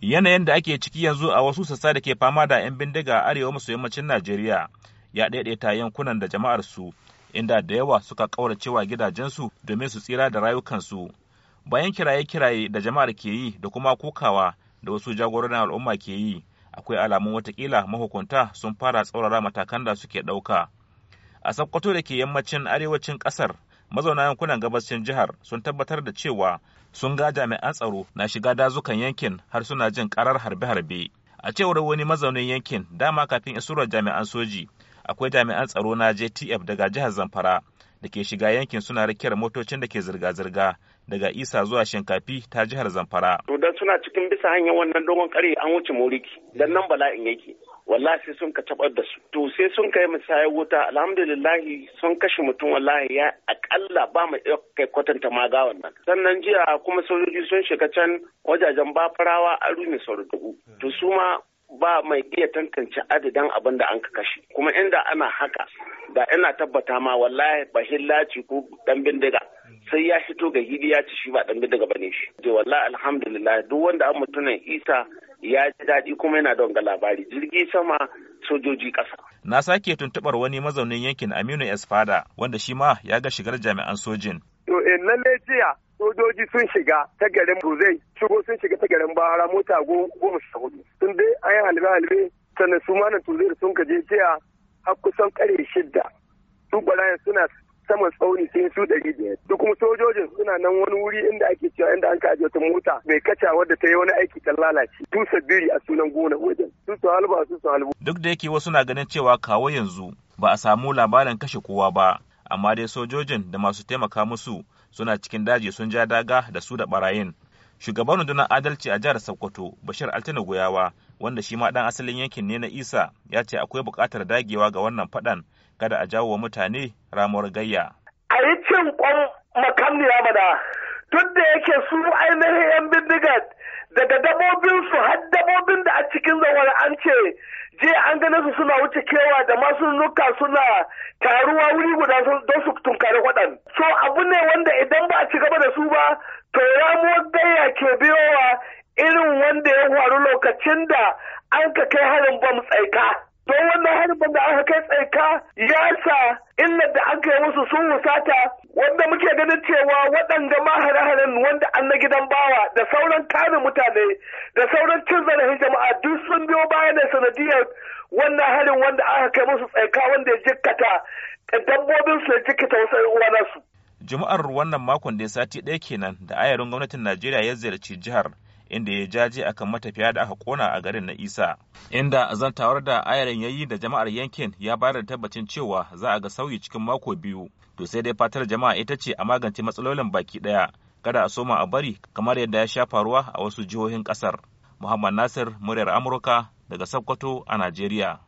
yanayin da ake ciki yanzu a wasu sassa da ke fama da 'yan bindiga a arewa maso yammacin najeriya ya daidaita yankunan da jama'ar su inda da yawa suka ƙauracewa gidajensu domin su tsira da rayukansu bayan kiraye-kiraye da jama'ar ke yi da kuma kokawa da wasu jagororin al'umma ke yi akwai alamun watakila mahukunta sun fara tsaurara matakan da suke ɗauka a sakkwato da ke yammacin arewacin ƙasar mazauna yankunan gabashin jihar sun tabbatar da cewa sun ga jami'an tsaro na shiga dazukan yankin har suna jin karar harbe-harbe a cewar wani mazaunin yankin dama kafin isurar jami'an soji akwai jami'an tsaro na jtf daga jihar zamfara da ke shiga yankin suna rikiyar motocin da ke zirga-zirga daga isa zuwa shinkafi ta jihar zamfara to suna cikin bisa hanyar wannan dogon kare an wuce moriki dan nan bala'in yake wallahi sai sun ka tabar da su to sai sun kai misayar wuta alhamdulillahi sun kashe mutum wallahi ya akalla ba mu kai kwatanta ma ga wannan sannan jiya kuma sojoji sun shiga can wajajen bafarawa an rume dubu to su ma ba mai iya tantance adadin abin da an ka kashe kuma inda ana haka da ina tabbata ma wallahi hillaci ko dan bindiga sai ya fito ga hidiya ya ci shi ba dan bindiga bane shi to wallahi alhamdulillah duk wanda an mutunan isa ya ji daɗi kuma yana don ga labari jirgi sama sojoji ƙasa. Na sake tuntuɓar wani mazaunin yankin Aminu Esfada wanda shi ma ya ga shigar jami'an sojin. To in eh, lalle jiya sojoji sun shiga ta garin Buzai shigo sun shiga ta garin Bahara mota goma sha hudu. Sun dai an yi halbe halbe sannan su manan tuzai sun kaje jiya har kusan kare shidda. Su suna saman tsauni sun su ɗari biyar su kuma sojojin suna nan wani wuri inda ake cewa inda an kaje wata mota mai kaca wadda ta yi wani aiki ta lalace su sabiri a sunan gona wajen su su halba su su halbu. duk da yake wasu na ganin cewa kawo yanzu ba a samu labarin kashe kowa ba amma dai sojojin da masu taimaka musu suna cikin daji sun ja daga da su da barayin shugaban rundunar adalci a jihar sokoto bashir altina goyawa wanda shi ma ɗan asalin yankin ne na isa ya ce akwai buƙatar dagewa ga wannan faɗan kada a jawo mutane ramuwar gayya. A yi cin kwan makamniya mana tun da yake su ainihin 'yan bindigar daga dabobinsu har dabobin da a cikin zawar an ce je an gane su suna wuce kewa da masu nuka suna taruwa wuri guda don su tunkari waɗan. So abu ne wanda idan ba a ci gaba da su ba to ramuwar gayya ke biyowa irin wanda ya faru lokacin da an kai harin bam tsaika. don wannan harbin da aka kai tsaika ya sa illar da aka yi musu sun wusata wanda muke ganin cewa waɗanda ma hare-haren wanda an na gidan bawa da sauran tarin mutane da sauran cin zarafin jama'a duk sun biyo baya da sanadiyar wannan harin wanda aka kai musu tsaika wanda ya jikkata dabbobin su ya jikkata wasu uwana jama'ar wannan makon da ya sati ɗaya kenan da ayarin gwamnatin Najeriya ya ziyarci jihar inda ya jaje akan matafiya da aka kona a garin na isa inda zantawar da ayarin yayi da jama'ar yankin ya bayar da tabbacin cewa za a ga sauyi cikin mako biyu to sai dai fatar jama'a ita ce a magance matsalolin baki daya kada a soma a bari kamar yadda ya sha faruwa a wasu jihohin kasar muhammad nasir muryar amurka daga sokoto a najeriya